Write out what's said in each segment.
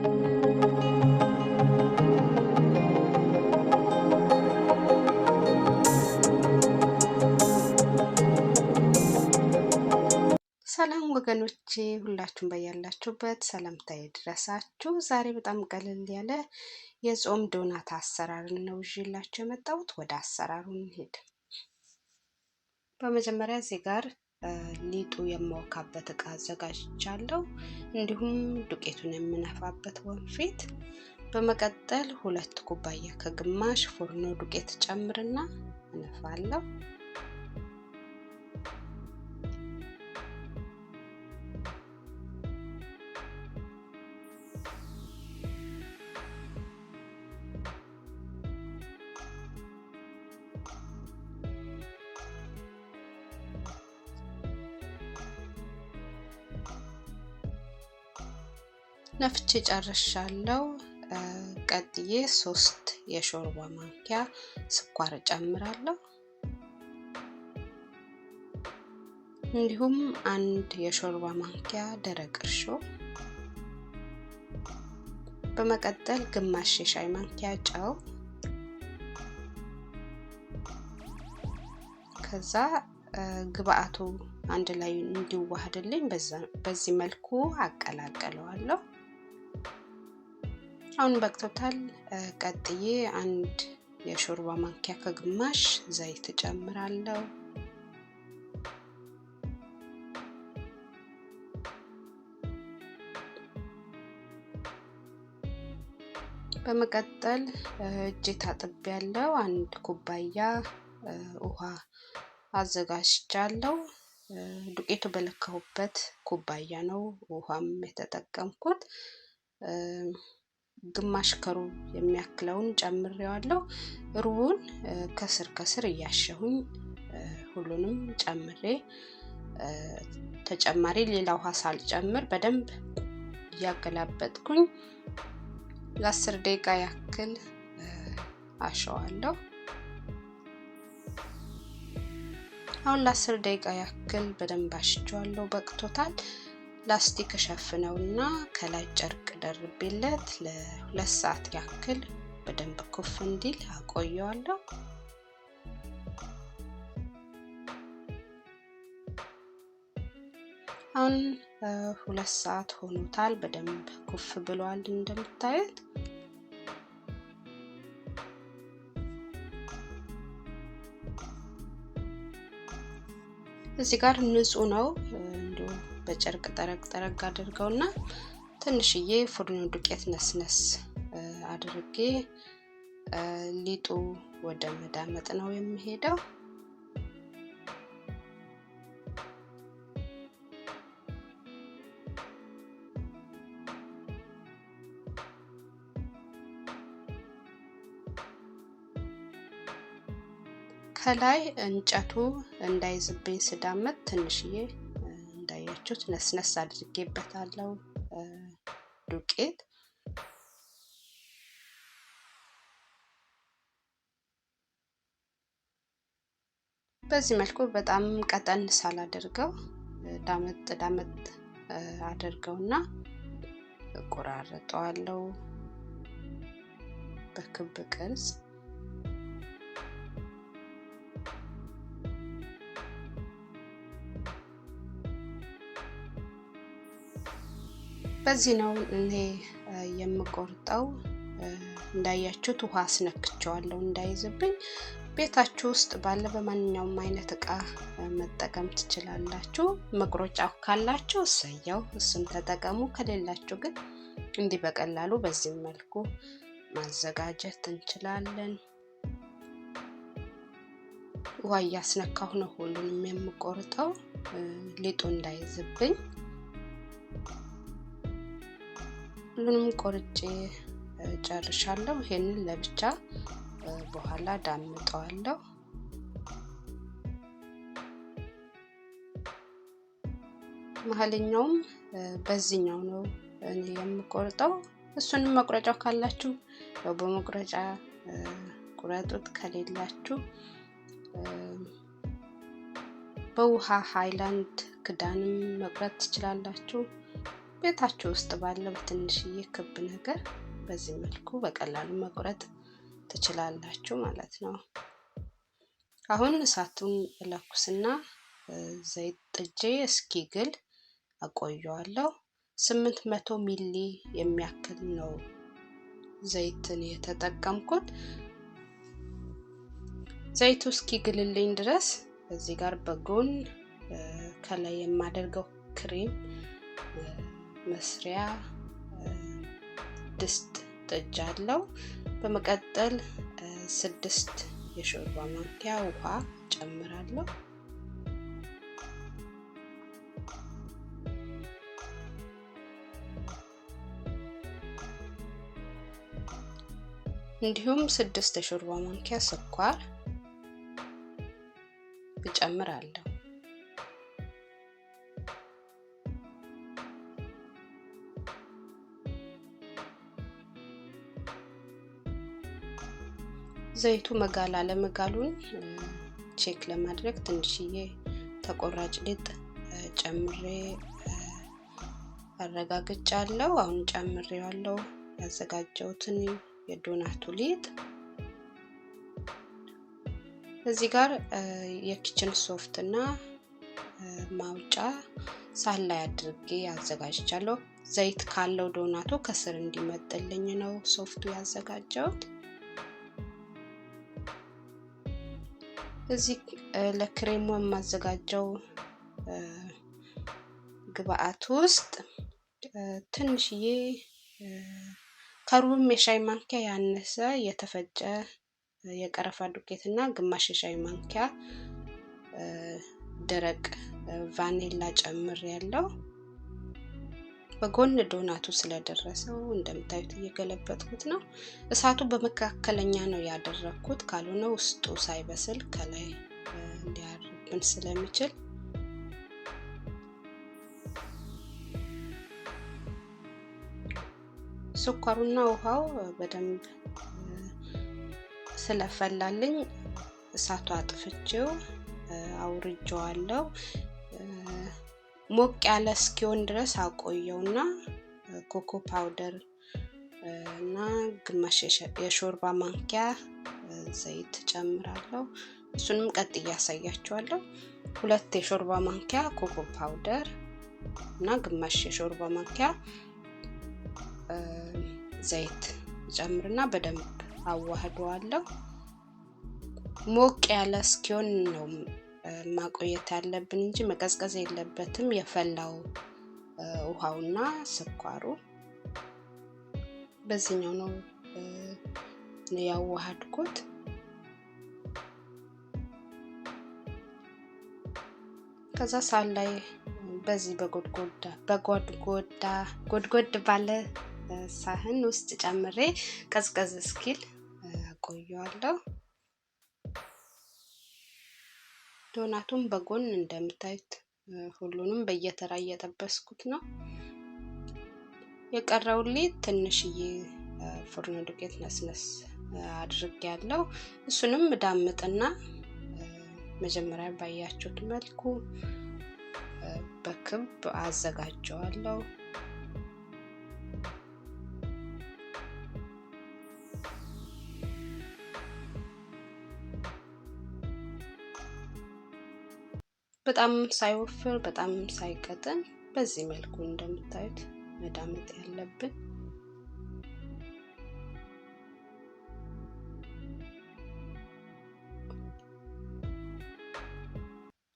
ሰላም ወገኖቼ ሁላችሁም በያላችሁበት ሰላምታ ይድረሳችሁ። ዛሬ በጣም ቀለል ያለ የጾም ዶናት አሰራርን ነው ይዤላችሁ የመጣሁት። ወደ አሰራሩ እንሄድ። በመጀመሪያ እዚህ ጋር ሊጡ የማወካበት እቃ አዘጋጅቻለሁ። እንዲሁም ዱቄቱን የምነፋበት ወንፊት። በመቀጠል ሁለት ኩባያ ከግማሽ ፎርኖ ዱቄት ጨምርና እነፋለሁ። ነፍቼ ጨርሻለሁ። ቀጥዬ ሶስት የሾርባ ማንኪያ ስኳር እጨምራለሁ። እንዲሁም አንድ የሾርባ ማንኪያ ደረቅ እርሾ፣ በመቀጠል ግማሽ የሻይ ማንኪያ ጨው፣ ከዛ ግብአቱ አንድ ላይ እንዲዋሃድልኝ በዚህ መልኩ አቀላቀለዋለሁ። አሁን በቅቶታል። ቀጥዬ አንድ የሾርባ ማንኪያ ከግማሽ ዘይት እጨምራለሁ። በመቀጠል እጄ ታጥብ ያለው አንድ ኩባያ ውሃ አዘጋጅቻለሁ። ዱቄቱ በለካሁበት ኩባያ ነው ውሃም የተጠቀምኩት። ግማሽ ከሩብ የሚያክለውን ጨምሬዋለሁ። ሩቡን ከስር ከስር እያሸሁኝ ሁሉንም ጨምሬ ተጨማሪ ሌላ ውሃ ሳልጨምር በደንብ እያገላበጥኩኝ ለአስር ደቂቃ ያክል አሸዋለሁ። አሁን ለአስር ደቂቃ ያክል በደንብ አሽቸዋለሁ፣ በቅቶታል። ላስቲክ ሸፍነውና እና ከላይ ጨርቅ ደርቤለት ለሁለት ሰዓት ያክል በደንብ ኩፍ እንዲል አቆየዋለሁ። አሁን ሁለት ሰዓት ሆኖታል። በደንብ ኩፍ ብሏል እንደምታዩት። እዚህ ጋር ንጹህ ነው። በጨርቅ ጠረግ ጠረግ እና ትንሽዬ ፉርኖ ዱቄት ነስነስ አድርጌ ሊጡ ወደ መዳመጥ ነው የሚሄደው። ከላይ እንጨቱ እንዳይዝብኝ ስዳመጥ ትንሽዬ እንዳያችሁት ነስነስ አድርጌበታለሁ ዱቄት በዚህ መልኩ በጣም ቀጠን ሳላደርገው ዳመጥ ዳመጥ እና እቆራረጠዋለሁ በክብ ቅርጽ በዚህ ነው እኔ የምቆርጠው። እንዳያችሁት ውሃ አስነክቸዋለሁ እንዳይዝብኝ። ቤታችሁ ውስጥ ባለ በማንኛውም አይነት እቃ መጠቀም ትችላላችሁ። መቁረጫ ካላችሁ እሰየው፣ እሱን ተጠቀሙ። ከሌላችሁ ግን እንዲህ በቀላሉ በዚህም መልኩ ማዘጋጀት እንችላለን። ውሃ እያስነካሁ ነው ሁሉንም የምቆርጠው ሊጡ እንዳይዝብኝ። ሁሉንም ቆርጬ ጨርሻለሁ። ይሄንን ለብቻ በኋላ ዳምጠዋለሁ። መሀለኛውም በዚህኛው ነው እኔ የምቆርጠው። እሱንም መቁረጫው ካላችሁ ያው በመቁረጫ ቁረጡት፣ ከሌላችሁ በውሃ ሃይላንድ ክዳንም መቁረጥ ትችላላችሁ። ቤታችሁ ውስጥ ባለው ትንሽዬ ክብ ነገር በዚህ መልኩ በቀላሉ መቁረጥ ትችላላችሁ ማለት ነው። አሁን እሳቱን እለኩስና ዘይት ጥጄ እስኪግል አቆየዋለሁ። ስምንት መቶ ሚሊ የሚያክል ነው ዘይትን የተጠቀምኩት። ዘይቱ እስኪግልልኝ ድረስ እዚህ ጋር በጎን ከላይ የማደርገው ክሬም መስሪያ ድስት ጥጅ አለው። በመቀጠል ስድስት የሾርባ ማንኪያ ውሃ ጨምራለሁ። እንዲሁም ስድስት የሾርባ ማንኪያ ስኳር እጨምራለሁ። ዘይቱ መጋል አለመጋሉን ቼክ ለማድረግ ትንሽዬ ተቆራጭ ሊጥ ጨምሬ አረጋግጫለሁ። አሁን ጨምሬዋለሁ ያዘጋጀሁትን የዶናቱ ሊጥ እዚህ ጋር የኪችን ሶፍት እና ማውጫ ሳህን ላይ አድርጌ አዘጋጅቻለሁ። ዘይት ካለው ዶናቱ ከስር እንዲመጥልኝ ነው ሶፍቱ ያዘጋጀሁት። እዚህ ለክሬሙ የማዘጋጀው ግብአት ውስጥ ትንሽዬ ከሩብም የሻይ ማንኪያ ያነሰ የተፈጨ የቀረፋ ዱቄት እና ግማሽ የሻይ ማንኪያ ደረቅ ቫኔላ ጨምር ያለው በጎን ዶናቱ ስለደረሰው እንደምታዩት እየገለበጥኩት ነው። እሳቱ በመካከለኛ ነው ያደረግኩት፣ ካልሆነ ውስጡ ሳይበስል ከላይ እንዲያርብን ስለሚችል ስኳሩና ውሃው በደንብ ስለፈላልኝ እሳቱ አጥፍቼው አውርጀዋለሁ። ሞቅ ያለ እስኪሆን ድረስ አቆየው ና ኮኮ ፓውደር እና ግማሽ የሾርባ ማንኪያ ዘይት ጨምራለሁ። እሱንም ቀጥ እያሳያቸዋለሁ ሁለት የሾርባ ማንኪያ ኮኮ ፓውደር እና ግማሽ የሾርባ ማንኪያ ዘይት ጨምርና በደንብ አዋህደዋለሁ። ሞቅ ያለ እስኪሆን ነው ማቆየት ያለብን እንጂ መቀዝቀዝ የለበትም። የፈላው ውሃውና ስኳሩ በዚህኛው ነው ያዋሃድኩት። ከዛ ሳህን ላይ በዚህ በጎድጎዳ በጎድጎዳ ጎድጎድ ባለ ሳህን ውስጥ ጨምሬ ቀዝቀዝ እስኪል አቆየዋለሁ። ዶናቱን በጎን እንደምታዩት ሁሉንም በየተራ እየጠበስኩት ነው። የቀረውሌ ትንሽዬ ፍርኖ ዱቄት ነስነስ አድርግ ያለው እሱንም ዳምጥና መጀመሪያ ባያችሁት መልኩ በክብ አዘጋጀዋለሁ። በጣም ሳይወፍር በጣም ሳይቀጥን በዚህ መልኩ እንደምታዩት መዳመጥ ያለብን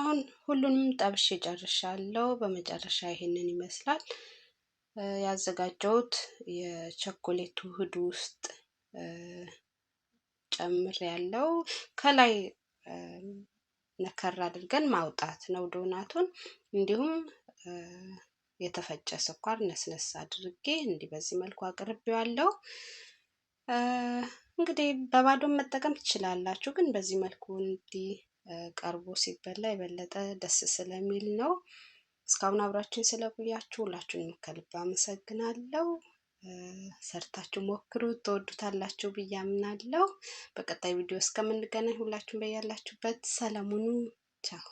አሁን ሁሉንም ጠብሼ ጨርሻለሁ። በመጨረሻ ይሄንን ይመስላል ያዘጋጀሁት። የቸኮሌት ውህድ ውስጥ ጨምር ያለው ከላይ ነከር አድርገን ማውጣት ነው ዶናቱን። እንዲሁም የተፈጨ ስኳር ነስነስ አድርጌ እንዲህ በዚህ መልኩ አቅርቤዋለሁ። እንግዲህ በባዶን መጠቀም ትችላላችሁ፣ ግን በዚህ መልኩ እንዲህ ቀርቦ ሲበላ የበለጠ ደስ ስለሚል ነው። እስካሁን አብራችን ስለቆያችሁ ሁላችሁንም ከልብ አመሰግናለሁ። ሰርታችሁ ሞክሩት፣ ትወዱታላችሁ ብዬ አምናለሁ። በቀጣይ ቪዲዮ እስከምንገናኝ ሁላችሁም በያላችሁበት ሰላሙኑ ቻው።